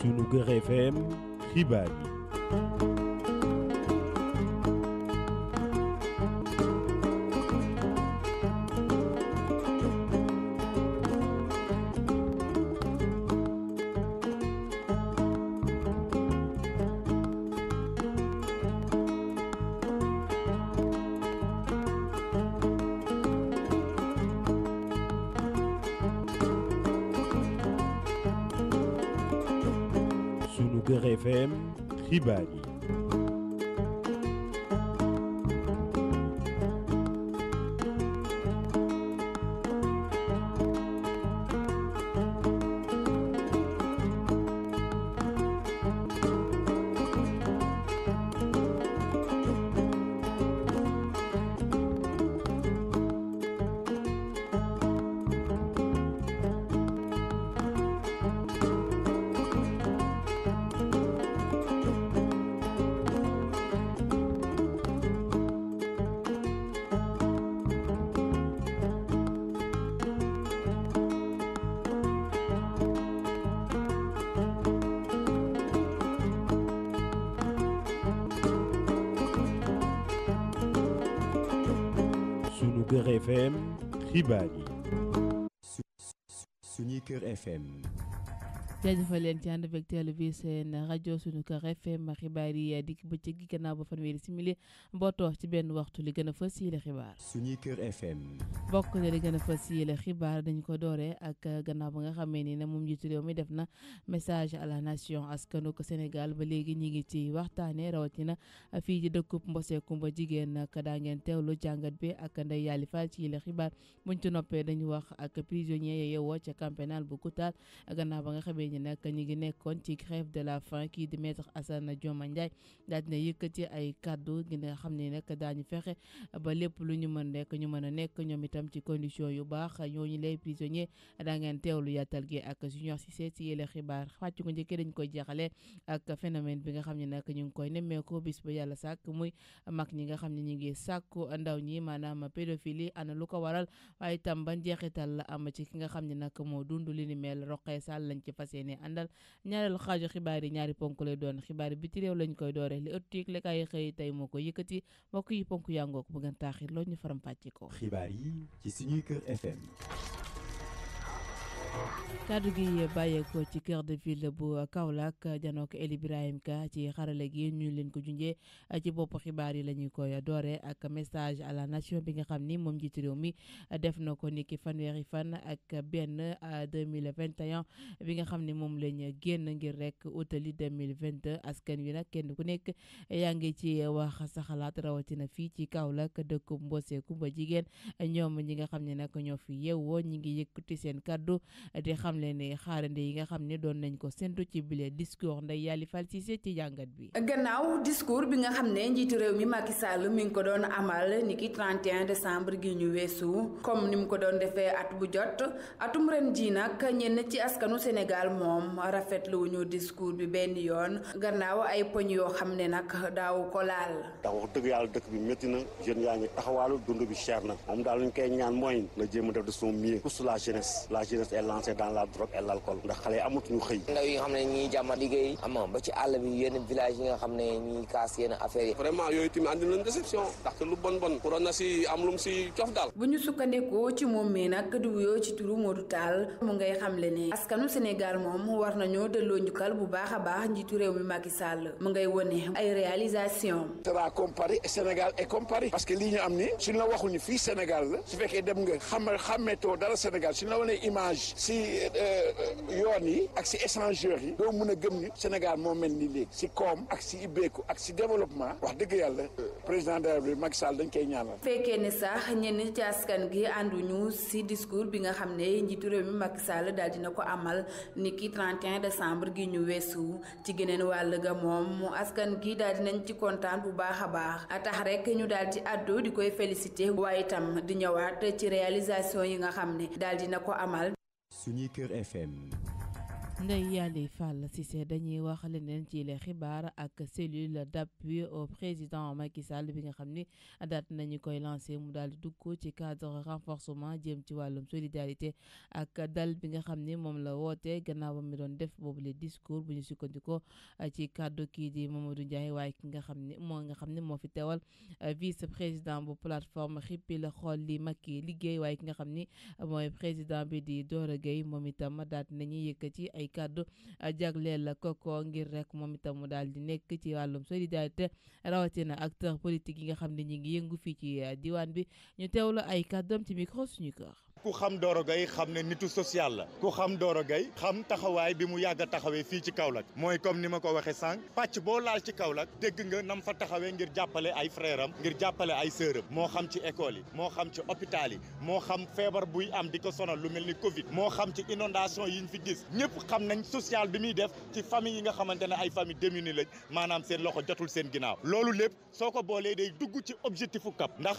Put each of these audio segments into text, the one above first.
Sous-titrage FM Libério. FM Ribadi Sunuker FM jaajëfal leen ci ànd beeg teelu bi seen rajo sunu kër FM xibaar yi dikk bëccëg gi gannaaw ba fanweeri simili mbootoo ci benn waxtu li gën a fës yi la xibaar. suñuy kër FM. bokk na li gën a fës yi la xibaar dañu ko doore ak gannaaw ba nga xamee ni ne moom njiitu réew mi def na message à la nation askanu ko Sénégal ba léegi ñi ngi ci waxtaanee rawatina fii ci dëkkub Mbose Kumba jigéen ak daa ngeen teewlu jàngat bi ak nday Yaali Fall ci yi la xibaar buñ ci wax ak prisonniers yi ñi nag ñi ngi nekkoon ci grève de la faim kii di maître Assane Dioma Ndiaye daal dina yëkkati ay kàddu gi nga xam ne nag daañu fexe ba lépp lu ñu mën rek ñu mën a nekk ñoom itam ci condition yu baax ñooñu lay prisonnier daa ngeen teewlu yàttal gi ak junior Cissé ci yële xibaar fàcc ko njëkkee dañ koy jeexale ak phénomène bi nga xam ne nag ñu ngi koy nemmeeku bis ba yàlla sàkk muy mag ñi nga xam ne ñu ngi sàkku ndaw ñi maanaam pédophilie ana lu ko waral waaye itam ban jeexital la am ci ki nga xam ne nag moo dund li ni mel roqee sàll lañ ci fas yéene àndal ñaareelu xaaju xibaar yi ñaari ponk lay doon xibaar yi biti koy doore li ëttu yëg lekkaay xëy tey moo ko yëkkati mbokk yi ponk yaa ngoog bu ngeen taaxir loolu ñu faram fàcce ko. xibaar yi ci suñuy kër FM. kaddu gi bàyyeekoo ci cœur de ville bu Kaolack janook El Ibrahim Ka ci xarale gi ñu leen ko junjee ci bopp xibaar yi la ñuy koy doore ak message à la nation bi nga xam ni moom njiitu réew mi def na ko niki fanweeri fan ak benn 2021 bi nga xam ni moom lañ génn ngir rek utali 2022 askan wi nag kenn ku nekk yaa ngi ci wax sa xalaat rawatina fii ci Kaolack dëkk Mbose Kumba jigéen ñoom ñi nga xam ne nag ñoo fi yeewoo ñi ngi yëkkati seen kaddu di xamle ne xaarande yi nga xam ne doon nañ ko séntu ci bile discours nday yàlli fal Cissé ci jàngat bi. gannaaw discours bi nga xam ne njiitu réew mi Macky Sall mi ngi ko doon amal ni ki 31 décembre gi ñu weesu comme ni mu ko doon defee at bu jot atum ren ji nag ñenn ci askanu senegal moom rafetlu wuñu discours bi benn yoon gannaaw ay poñ yoo xam ne nag daaw ko laal. ndax wax dëgg yàlla dëkk bi métti na jeunes yaa ngi taxawaalu dund bi cher a la jeunesse la lancé dans la drogue et l'alcool ndax xale yi amatuñu xëy ndaw yi nga xam ne ñiy jàmmat liggéey ama ba ci àll bi yenn village yi nga xam ne ñiy kaas yenn affaires yi vraiment yooyu tamit andi leen déception ndaxte lu bon bon pour na si am lum si cof daal bu ñu sukkandikoo ci moom mi nag di wuyoo ci turu Modou Tall mu ngay xamle ne askanu Sénégal moom war nañoo delloo njukkal bu baax a baax njiitu réew mi Macky Sall mu ngay wone ay réalisation sera comparé Sénégal est comparé parce que lii ñu am ni suñ la waxul ni fii Sénégal la su fekkee dem nga xam xàmmeetoo dara Sénégal suñ la wanee image si euh, yoon yi ak si échangeurs yi doo mun a gëm ni Sénégal moo mel ni léegi si koom ak si ibbeeku ak si développement wax dëgg yàlla président de la République Macky Sall dañ koy ñaanal. fekkee ne sax ñenn ci askan gi ànduñu si discours bi nga xam ne njiitu réew mi Macky Sall daal dina ko amal ni ki 31 décembre gi ñu weesu ci geneen wàll ga moom mu askan gi daal dinañ ci kontaan bu baax a baax tax rek ñu daal di àddu di koy félicité waaye itam di ñëwaat ci réalisation yi nga xam ne daal dina ko amal sneaker FM Ndeye Yaly Fall ci Cissé dañuy wax leneen ci le xibaar ak cellule d'appui au président Macky Sall bi nga xamni ne daat nañu koy lancer mu dal di dugg ci cadre renforcement jëm ci walum solidarité ak dal bi nga xamni mom moom la woote gannaawam mi doon def bobu le discours bu ñu sukkandikoo eh, ci kàddu kii di Mamadou Ndiaye way ki nga xamni mo nga xamni mo fi teewal eh, vice président bu plateforme xippi la xool li Macky liggéey way ki nga xamni eh, moy président bi di Doro Gueye moom itam daat nañuy yëkkati ay ay kàddu ah, jagleel koko ngir rek moom itam mu daal di nekk ci wàllum solidarité rawatina acteur politique yi nga xam ne ñu ngi yëngu fii ci ah, diwaan bi ñu la ay kàddoom ci micro suñu kër ku xam Doro Gaye xam ne nitu social la ku xam Doro Gaye xam taxawaay bi mu yàgg taxawee fii ci Kaolack mooy comme ni ma ko waxee sànq pàcc boo laal ci Kaolack dégg nga nam fa taxawee ngir jàppale ay frère am ngir jàppale ay sœur moo xam ci école yi moo xam ci hôpital yi moo xam feebar buy am di ko sonal lu mel ni Covid moo xam ci inondation yi ñu fi gis ñëpp xam nañ social bi muy def ci famille yi nga xamante ne ay famille démunie lañ maanaam seen loxo jotul seen ginnaaw loolu lépp soo ko boolee day dugg ci objectifu CAP ndax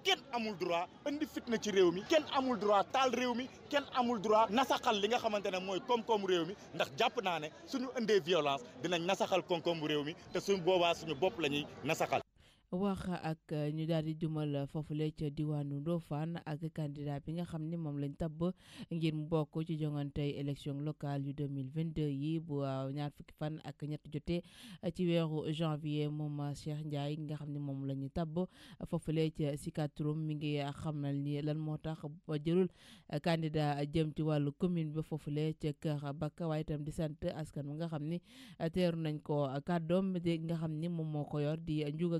kenn amul droit indi fitna ci réew mi kenn amul droit tal réew mi kenn amul droit nasaxal li nga xamantene moy mooy koom réew mi ndax japp naane suñu ëndé violence dinañ nasaxal koom-koomu réew mi te suñu boba suñu bop la nasaxal wax ak euh, ñu daal di jumal foofule ca diwaanu Ndofane ak kandida bi nga xam ni moom lañ tabb ngir mu bokk ci jongantey élection locale yu 2022 yi bu euh, ñaar fukki fan ak ñett jote ci weeru janvier moom Cheikh Ndiaye nga xam ni moom la ñu tabb foofule ca Sikatouroum mi ngi xamal ni lan moo tax ba kandida candidat jëm ci wàllu commune bi foofule ca Kër Bakka waaye itam di sant askan wi nga xam ni teeru nañ ko kàddoom di nga xam ni moom moo ko yor di Ndiouga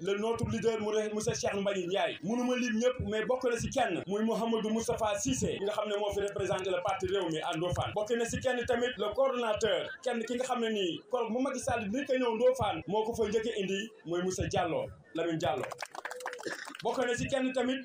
le notre leader mu re monsieur Cheikh Mbaye Ndiaye mënuma lim ñëpp mais bokk na si kenn muy Mouhamadou Moustapha Cissé nga xam ne moo fi représenté le parti réew mi à Ndofane bokk na si kenn tamit le coordonnateur kenn ki nga xam ne nii kor mu Macky Sall bi ko ñëw Ndofane moo ko fa njëkk indi muy monsieur Diallo Lamine Diallo bokk na si kenn tamit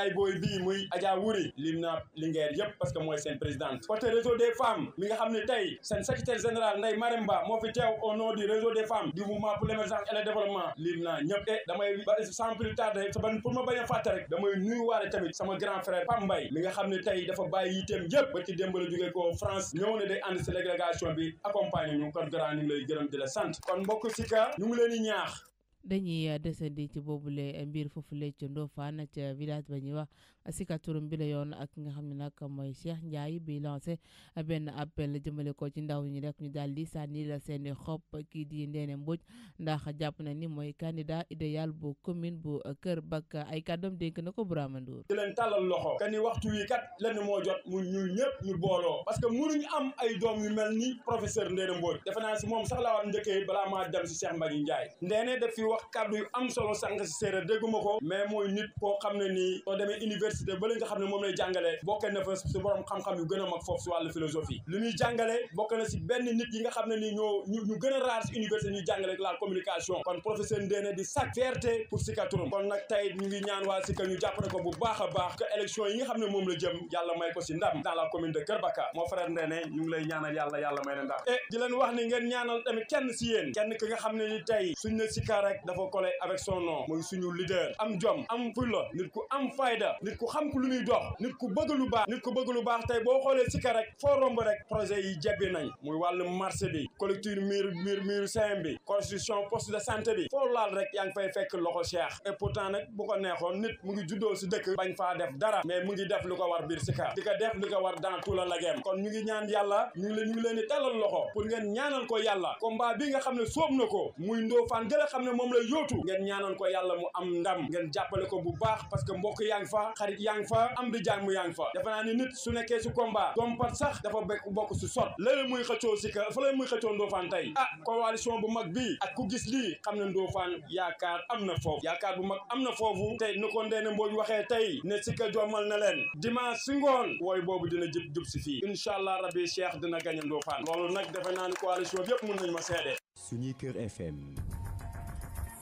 yaay boy bi muy Adja Wuri limna naa yep parce que mooy seen présidente côté réseau des femmes mi nga xamné tay sen secrétaire général Ndeye Maremba moo fi teew au nom du réseau des femmes du mouvement pour l'émergence et le développement limna ñep é damay ba sans plus tarder sa ban pour ma bañ a rek damay nuyuwaale tamit sama grand frère Pam Mbaye mi nga xamné tay dafa baye yiteem yep ba ci démb la jógee ko France ñëw ne day ànd si délégation bi accompagner ñu kon grand ñu lay gërëm di la sant kon mbokk ci ka ñu ngi leen ñaax dañuy euh, desandi ci boobule euh, mbir foofule ca Ndofane ca village ba ñuy wax sikaturum bi la yoon ak nga xam ne nag mooy Cheikh Ndiaye bi a benn appel jëmale ko ci ndaw ñi rek ñu daal di sànni la seen i xob kii di Ndéné Mbodj ndax jàpp na ni mooy candidat idéal boo commune bu euh, Kër Bakka ay kàddoom dénk na ko Birame Ndour di leen tàllal loxo ka waxtu wi kat lañu moo jot mu ñu ñëpp ñu booloo parce que mënuñu am ay doom yu mel ni professeur wax kàddu yu am solo sànq si séeréer dégguma ko mais mooy nit koo xam ne nii soo demee université ba nga xam ne moom a a la a jëm yàlla may ko si ndam dans la commune Kër Baka moo frère Ndéné ñu ngi lay ñaanal yàlla yàlla may na ndam et eh, di leen wax ni ngeen ñaanal tamit kenn si yéen kenn ki nga xam ne ni tey suñ na Sika rek dafa collé avec son nom mooy suñu leader am jom am fulla nit ku am fayda nit ku xam ku lu ñuy dox nit ku bëgg lu baax nit ku bëgg lu baax tey boo xoolee Sika rek foo romb rek projet yi jebbi nañ muy wàllu marché bi collecture mur mur mur CM bi construction poste de santé bi foo laal rek yaa ngi fay fekk loxo Cheikh et pourtant nag bu ko neexoon nit mu ngi juddoo si dëkk bañ faa def dara mais mu ngi def lu ko war biir Sika di ko def lu ko war dans tout la lagem kon ñu ngi ñaan yàlla ngi leen ñu leen di tallal loxo pour ngeen ñaanal ko yàlla combat bi nga xam ne sóob na ko moom la yóotu ngeen ñaanal ko yàlla mu am ndam ngeen jàppale ko bu baax parce que mbokk yaa ngi fa xarit yaa ngi am di jàng mu naa ni nit su nekkee si combat dompat sax bokk sot léeg muy xëccoo si ka fa lay muy xëccoo Ndofane tey ah coalition bu mag bi ak ku gis lii xam ne Ndofane yaakaar am na foofu yaakaar bu mag am na foofu tey nu ko Ndeye Mbodj waxee tey ne si ka jommal na leen dimanche si ngoon wooy boobu dina jub jub si fii incha allah rabbi Cheikh dina gañ Ndofane loolu nag dafa naa ni coalition bi yëpp mun nañ ma seede Sunuker FM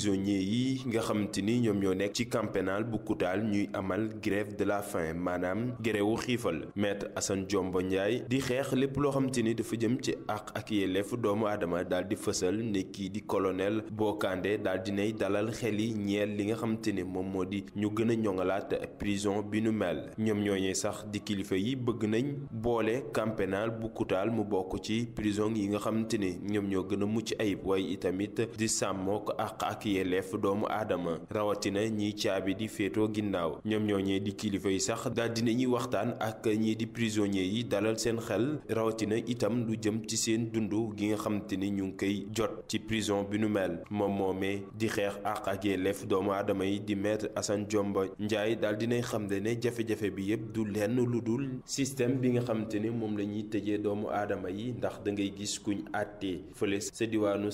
prisonniers yi nga xamanteni ni ñoom ñoo nekk ci camp pénal bu Koutal ñuy amal grève de la faim maanaam gréwu xifal maître Assane Diomba Ndiaye di xex lepp lo xamanteni dafa jëm ci ak ak yelef doomu adama daal di fësal ne di colonel Bokandé daal ney dalal xel yi ñeel li nga xamanteni mom modi ñu gëna a ñoŋalaat prison bi nu mel ñom ñooñee sax di kilifa yi bëgg nañ boole camp pénal bu Koutal mu bokku ci prison yi nga xamanteni ñom ñoo gëna mucc ayib way itamit di sàmmoo ak ak yelleef doomu aadama rawatina ñiy caabi di féetoo ginnaaw ñoom ñooñee di kilifa yi sax daal dina ñuy waxtaan ak ñii di prisonniers yi dalal seen xel rawatina itam lu jëm ci seen dund gi nga xamante ni ñu ngi koy jot ci prison bi nu mel moom moomee di xeex àq ak yelleef doomu aadama yi di maître Assane Diomba njaay daal dinay xamle ne jafe-jafe bi yëpp du lenn lu dul système bi nga xamante ni moom la ñuy tëjee doomu aadama yi ndax da gis kuñ àttee fële sa diwaanu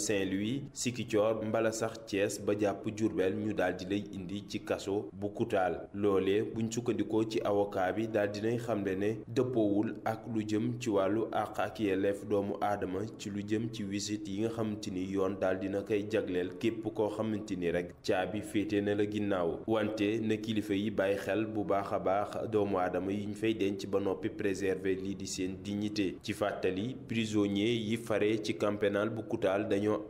Yes, ba jàpp jurbel ñu indi ci Bukutal, bu kutaal loolee buñ sukkandikoo ci avocat bi daal dinay xamle ne dëppoowul ak lu jëm ci wàllu àq ak yelleef doomu aadama ci lu jëm ci visite yi nga xamante yoon daal dina na la wante na kilifa yi bàyyi xel bu baax baax doomu préserver lii dignité ci prisonnier yi fare ci camp pénal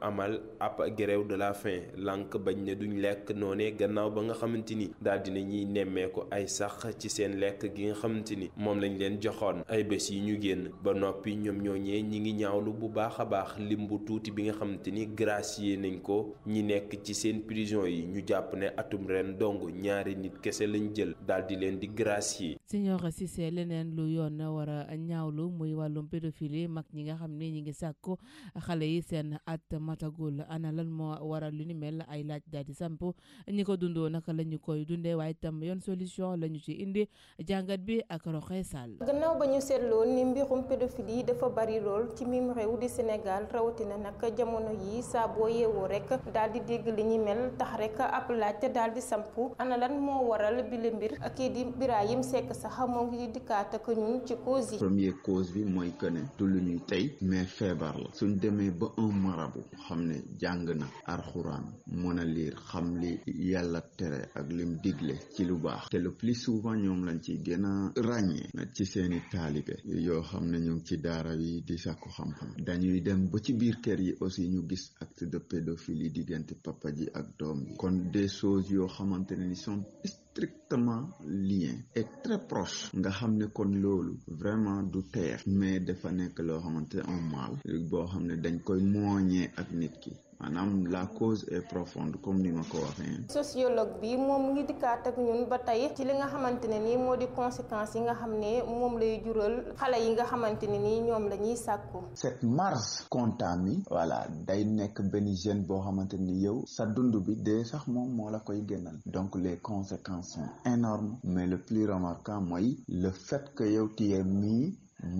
amal ap grève de la fin. lànk bañ ne duñ lekk noonee gannaaw ba nga xamante ni daal dina ñuy nemmeeku ay sax ci seen lekk gi nga xamante ni moom lañ leen joxoon ay bés yi ñu génn ba noppi ñoom ñooñee ñi ngi ñaawlu bu baax a baax lim bu tuuti bi nga xamante ni gracier nañ ko ñi nekk ci seen prison yi ñu jàpp ne atum ren dong ñaari nit kese lañ jël daal di leen di gracier. Signor Cissé leneen lu yoon war a ñaawlu muy wàllum pédophilie mag ñi nga xam ne ñi ngi sàkku xale yi seen mel ay laaj daal di samp ñi ko dundoo naka la ñu koy dundee waaye tam yoon solution la ñu ci indi jàngat bi ak roxee sàll gannaaw ba ñu seetloo ni mbirum yi dafa bari lool ci mim réew di Sénégal rawatina nag jamono yi saa boo yeewoo rek daal di dégg li ñuy mel tax rek ab laaj daal di samp ana lan moo waral bi la mbir kii di Birahim Seck sax moo ngi dikkaat ak ñun ci cause yi. première cause bi mooy que ne du lu ñuy tey mais feebar la suñ demee ba mën liir xam li yàlla tere ak lim digle ci lu baax te le plus souvent ñoom lañ ci gën a ràññee ci seeni taalibe yoo xam ne ñu ngi ci daara yi di sàkku xam-xam dañuy dem ba ci biir kër yi aussi ñu gis ak acte de pédophilie diggante papa ji ak doom yi kon des choses yoo xamante ne ni sont strictement lien et très proche nga xam ne kon loolu vraiment du teex mais dafa nekk loo xamante un mal boo xam ne dañ koy mooñee ak nit ki manam la cause est profonde comme ni mako ko waxee. sociologue bi mom ngi dikkaat ak ñun ba tay ci li nga xamante ni modi moo conséquences yi nga xamné mom lay jural xalé yi nga xamante ni ñom lañuy la cette marge comptable voilà day nekk benn jeune bo xamante yow sa dundu bi dé sax mom mo la koy gënal donc les conséquences sont énormes mais le plus remarquable moy le fait que yow tu es mis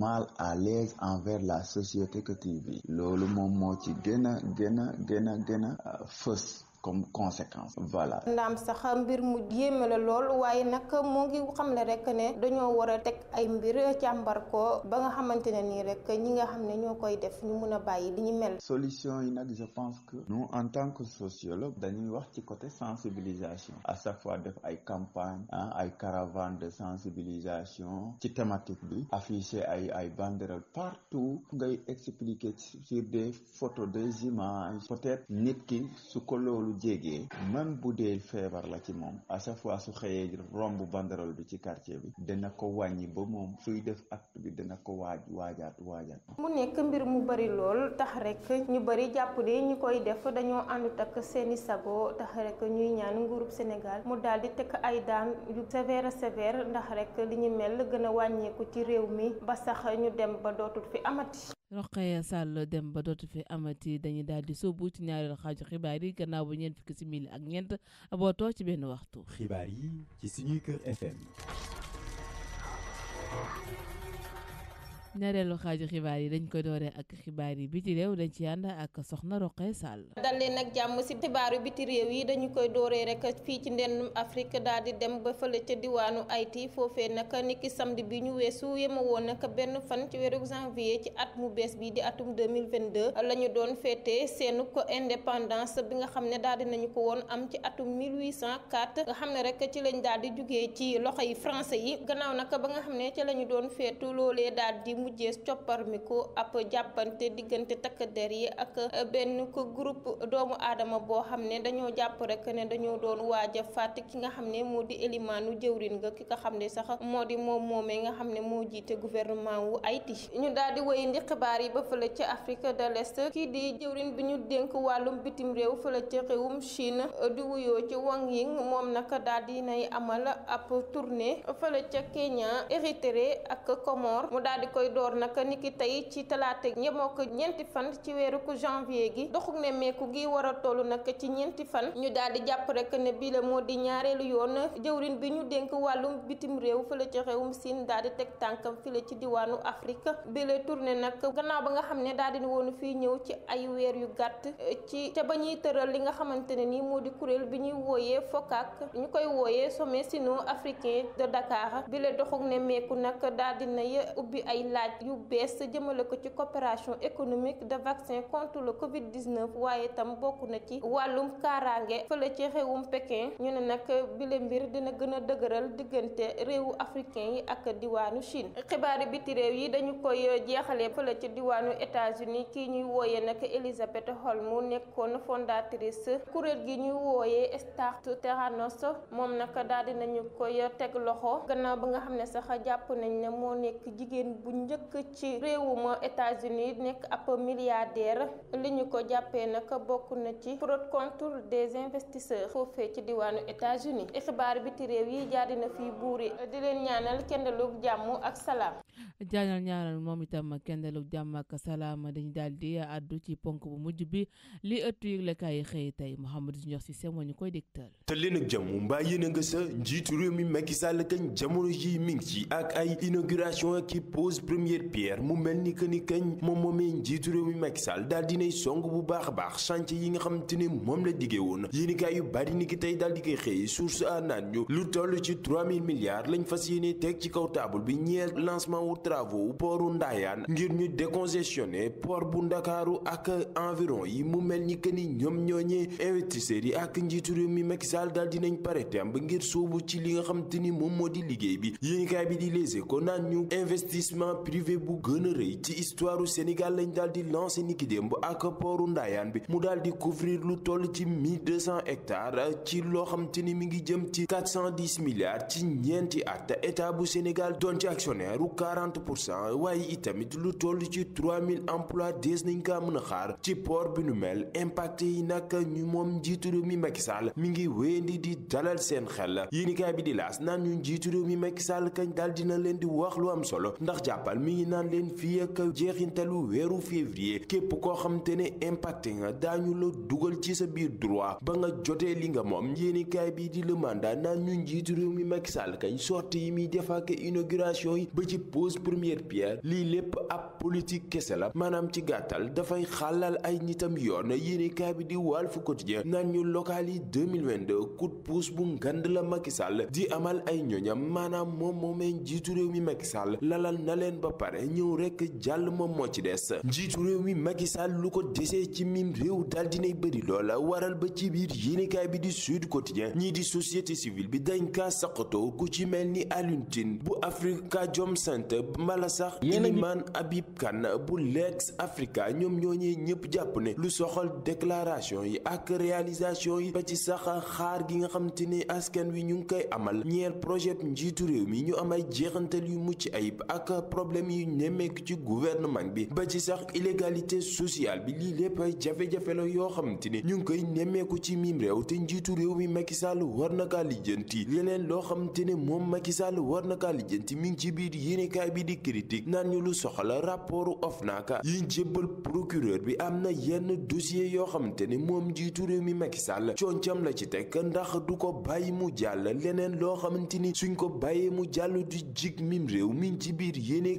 mal à l'aise envers la société que tu vis loolu moom moo ci gën a gën a gën a gën a euh, fës comme conséquence voilà. Ndam sax mbir mu yéeme la lool waaye nag moo ngi xamle rek ne dañoo wara tek ay mbir càmbar ko ba nga xamantene ni rek ñi nga xamne ñokoy def ñu mëna bayyi bàyyi li ñu mel. solution yi nak je pense que nous en tant que sociologue dañuy wax ci côté sensibilisation à chaque fois def ay campagne hein, ay caravane de sensibilisation ci thématique bi afficher ay ay banderole partout ngay expliquer sur des photos des images peut-être nit ki su ko loolu loolu jéegee même bu dee feebar la ci moom à chaque fois su xëyee romb banderole bi ci quartier bi dana ko wàññi ba moom suy def acte bi dana ko waaj waajaat waajaat. mu nekk mbir mu bari lool tax rek ñu bari jàpp ne ñu koy def dañoo àndut takk seeni sago tax rek ñuy ñaan nguurub Sénégal mu daldi tekk ay daan yu sévère sévère ndax rek li ñu mel gën wàññeeku ci réew mi ba sax ñu dem ba dootul fi amati. Rokhaya Sall dem ba dootu fi amati dañuy daal di sóobu ci ñaareelu xaaju xibaar yi gannaaw ba ñeent fukki simili ak ñeent bootoo ci benn waxtu. xibaar yi ci suñuy kër FM. ñaareelu xaaju xibaar yi dañ koy dooree ak xibaar yi biti réew dañ ci ànd ak soxna Roqe Sall dal leen jàmm si xibaaru biti réew yi dañu koy dooree rek fii ci ndennum Afrique daal di dem ba fële ca diwaanu Haïti foofee nag niki samedi bi ñu weesu yema woon nag benn fan ci weeru janvier ci at mu bees bi di atum 2022 la ñu doon féete seenu ko indépendance bi nga xam ne daal di nañu ko woon am ci atum 1804 nga xam ne rek ci lañ daal di jugee ci loxo yi français yi mujjee copparmiku ab jàppante diggante takk der yi ak eh, benn ko groupe doomu aadama boo xam ne dañoo jàpp rek ne dañoo doon waaja faat ki nga xam ne moo di élimaanu jëwrin nga ki nga xam ne sax moo di moom moomee nga xam ne moo jiite gouvernement wu Haïti ñu daal di wéyandi xibaar yi ba fële ca Afrique de l'Est kii di jëwrin bi ñu dénk wàllum bitim réew fële ca réewum Chine eh, di wuyoo ci Wang Ying moom nag daal di nay amal ab tournée fële ca Kenya Érythrée ak Comores door nag niki tey ci talaata yemoo ko ñeenti fan ci weeru ko janvier gi doxuk ne meeku gi war a toll nag ci ñeenti fan ñu daal di jàpp rek ne bii la moo di ñaareelu yoon jëwrin bi ñu dénk wàllum bitim réew fële ci réewum Siin daal di teg tànkam file ci diwaanu Afrique bi la tournée nag gannaaw ba nga xam ne daal di woon fii ñëw ci ay weer yu gàtt ci te ba ñuy tëral li nga xamante ne nii moo di kuréel bi ñuy wooyee FOCAC ñu koy wooyee sommet sino africain de Dakar bi la nag daal ubbi ay laaj yu bees jëmale ko ci coopération économique de vaccin contre le Covid 19 waaye tam bokk na ci wàllum kaaraange fële ci réewum Pékin ñu ne nag bile mbir dina gën a dëgëral diggante réewu africain yi ak diwaanu Chine xibaari biti réew yi dañu koy jeexalee fële ci diwaanu États-Unis kii ñuy wooyee nag Elizabeth Holmes nekkoon fondatrice kuréel gi ñuy wooyee Start Theranos moom nag daal dinañu koy teg loxo gannaaw ba nga xam ne sax jàpp nañ ne moo nekk jigéen buñ njëkk ci réewum États-Unis nekk ab milliardaire li ñu ko jàppee nag bokk na ci fraude contre des investisseurs foofee ci diwaanu États-Unis xibaar bi réew yi jaar na fii buuri di leen ñaanal kendalug jàmm ak salaam. jaanal ñaanal moom itam kendalug jàmm ak salaam dañu daal di àddu ci ponk bu mujj bi li ëttu yëglekaay yi xëy tey Mouhamadou Ndiokh Cissé moo ñu koy dégtal. te leen ak jàmm mbaa yéene nga sa njiitu réew mi Macky Sall kañ jamono jii mi ngi ak ay inauguration ki pose premier pierre mu melni ni que ni kañ mom moomee njiitu réew mi Macky Sall dal dinay song bu bax bax chantier yi nga ni la yu bari ni ki tay dal di kay source a lu toll ci 3000 milliards lañ fas yéene ci kaw bi ñeel lancement wu travaux portu Ndaayaan ngir ñu décongestionner port bu Ndakaaru ak environ yi mu mel ni que ni ñoom ñooñee investisseurs yi ak njiitu réew mi Macky Sall dal dinañ ngir soobu ci li nga mom modi bi bi di Les investissement privé bu gën a rëy ci histoire u Sénégal lañ daal di lancé niki démb ak pooru Ndayane bi mu daal di couvrir lu toll ci 1200 hectares ci loo xam te ni mi ngi jëm ci 410 milliards ci ñeenti at état bu Sénégal doon ci actionnaire pour cent waaye itamit lu toll ci 3000 emplois des nañ kaa mën a xaar ci port bi nu mel impact yi nag ñu moom njiitu mi Macky Sall mi ngi wéyandi di dalal seen xel yéenekaay bi di laas naan njiitu réew mi Macky Sall kañ daal na leen di wax lu am solo ndax jàppal Sénégal mi ngi naan leen fii ak jeexintalu weeru février képp koo xamante ne impacté nga daañu la dugal ci sa biir droit ba nga jotee li nga moom yéenekaay bi di le mandat naan ñu njiitu réew mi Macky Sall kañ sorti yi muy def ak yi ba ci pose première pierre lii lépp ab politique kese la maanaam ci gàttal dafay xàllal ay nitam yoon yéenekaay bi di Walf Quotidien naan ñu local yi 2022 coup de pouce bu ngand la Macky Sall di amal ay ñoñam maanaam moom moomee njiitu réew mi Macky ba pare ñëw rek jàll moom moo ci des njiitu réew mi Macky Sall lu ko desee ci mim réew daal dinay bëri loola waral ba ci biir yéenekaay bi di Sud Quotidien ñii di société civile bi dañ kaa saqatoo ku ci mel ni Alioune Tine bu jom Center mbala sax Ilimane Habib Kane bu Legs Africa ñoom ñooñee ñëpp jàpp ne lu soxal déclaration yi ak réalisation yi ba ci sax xaar gi nga xamante ni askan wi ñu ngi koy amal ñeel projet njiitu réew mi ñu am jeexantal yu mucc ayib problème yu nemmeeku ci gouvernement bi ba ci sax illégalité sociale bi lii lépp ay jafe-jafe la yoo xamante ni ñu ngi koy nemmeeku ci miim réew te njiitu réew mi Macky Sall war naka kaa lijjanti leneen loo xamante ne moom Macky Sall war na kaa lijjanti mi ngi ci biir yéenekaay bi di critique naan ñu lu soxla rapport OFNAC yi jébbal procureur bi am na yenn dossier yoo xamante ne moom njiitu réew mi Macky Sall concam la ci teg ndax du ko bàyyi mu jàll leneen loo xamante ni suñ ko bàyyee mu jàll du jig miim réew mi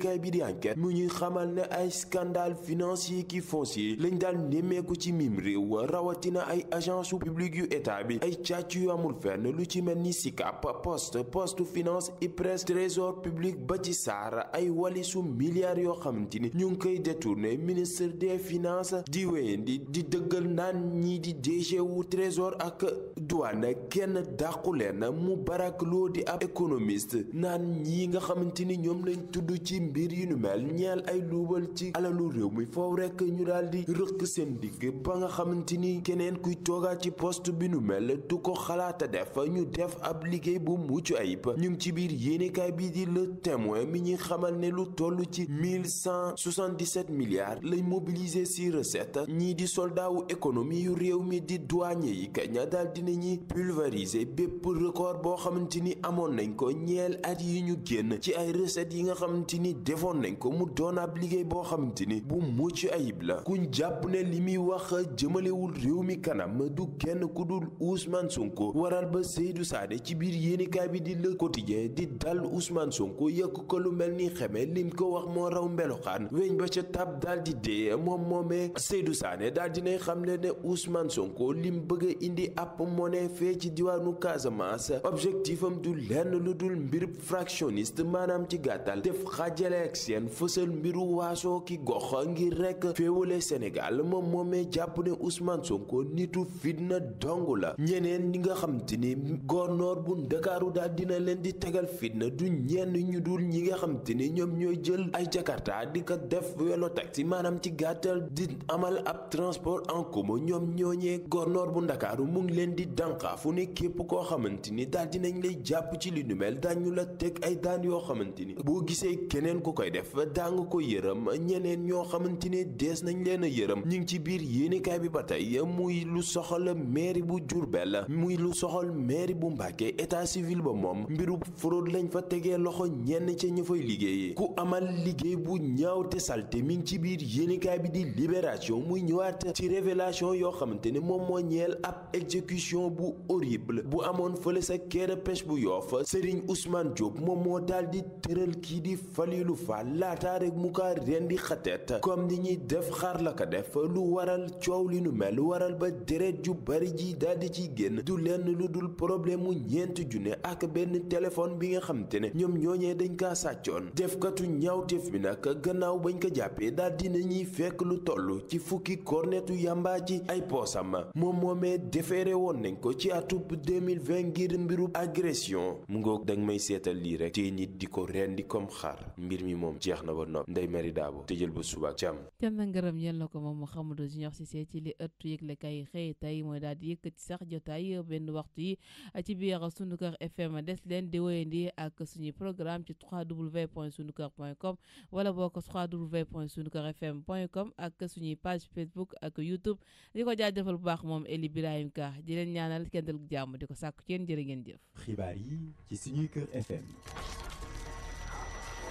yéenekaay bi di enquête mu ñuy xamal ne ay scandale financier ki foncier lañ daal nemmeeku ci mim réew rawatina ay agence publique yu état bi ay càcc yu amul fenn lu ci mel ni si SICAP poste post finance IPRES trésor public ba ci saara ay walisu milliards yoo xamante ni ñu ngi koy détourné ministre des finances di wéyandi di dëggal naan ñii di DG wu trésor ak douane kenn dàqu na mu barak loo di ab économiste naan ñii nga xamante ñoom lañ tudd ci mbir yu nu mel ñeel ay luubal ci alalu réew mi foofu rek ñu daal di rëkk seen digg ba nga xamante ni keneen kuy toogaat ci post bi nu mel du ko xalaata def ñu def ab liggéey bu mucc ayib ñu ci biir yéenekaay bi di Le Témoin mi ñuy xamal ne lu toll ci 1177 milliards lay mobiliser si recette ñii di soldat wu économie yu réew mi di douane yi kaña daal dinañuy pulvériser bépp record boo xamante ni amoon nañ ko ñeel at yi ñu génn ci ay recettes yi nga xamante defoon nañ ko mu doon ab liggéey boo xamante ni bu mucc ayib la kuñ jàpp ne li muy wax jëmalewul réew mi kanam du genn ku dul Ousmane Sonko waral ba Seydou Sané ci biir yéenikaay bi di Le Quotidien di dal Ousmane Sonko yëkk ko lu mel ni xeme lim ko wax moo raw mbeloxaan weñ ba ca tab daal di dee moom moomee Seydou Sané daal dinay xamle ne Ousmane Sonko lim bëgg indi ab monnaie fee ci diwaanu Casamance objectifam du lenn lu dul mbirub fractionniste maanaam ci gàttal Sénélec seen fësal mbiru waaso ki gox ngir rek féewale Sénégal moom moomee jàpp ne Ousmane Sonko nitu fitna dong la ñeneen ñi nga xam ni gornoor bu Ndakaaru daal dina leen di tegal fitna du ñenn ñu dul ñi nga xam te ñoom ñooy jël ay jakarta di ko def welo taxi maanaam ci gàttal di amal ab transport en commun ñoom ñooñee gornoor bu Ndakaaru mu ngi leen di dànqaafu ne képp koo xamante ni daal dinañ lay jàpp ci li nu la teg ay daan yoo xamante keneen ku koy def danga ko yërëm ñeneen ñoo xamante ne dees nañ leen a yërëm ngi ci biir yéenekaay bi ba tey muy lu soxal mairie bu Diourbel muy lu soxal mairie bu Mbàkke état civil ba moom mbirub fraude lañ fa tegee loxo ñenn ca ñu fay liggéey ku amal liggéey bu ñaaw te salte mi ngi ci biir yéenekaay bi di libération muy ñëwaat ci révélation yoo xamante ne moom moo ñeel ab exécution bu horrible bu amoon fële sa quai de bu Yoff Serigne Ousmane Diop moom moo daal tëral kii di falilu Ousseynou Fall laata rek mu kaa rendi xatet comme ni ñuy def xar la ko def lu waral coow li nu mel waral ba deret ju bari ji daldi ciy génn du lenn lu dul problème mu ñeenti junne ak benn téléphone bi nga xam ne ñoom ñooñee dañ ko sàccoon defkatu ñaawteef bi nag gannaaw bañ ko jàppee daldi nañuy fekk lu toll ci fukki kornetu yàmbaa ci ay poosam moom moomee defeere woon nañ ko ci atub 2020 ngir mbiru agression mu ngoog danga may seetal lii rek te nit di ko rendi comme mbir mi moom jeex na ba noppi Ndeye Mary Dabo tëjël ba suba ak jàmm cant ngeeram yel ñeel na ko moom Mouhamadou Junior Cissé ci li ëttu yëglekaay kay xey tay moy dal di yëkkati sax jotaay benn waxtu yi ci biir sunu Sunuker FM des len di wéyandi ak suñuy programme ci www.sunuker.com wala boo ko www.sunukerfm.com ak suñuy page Facebook ak YouTube di ko jaajëfal bu baax mom Eli ibrahim Ka di len ñaanal kenn dal diko di ci en jere ngeen jëf xibaar yi ci Sunuker FM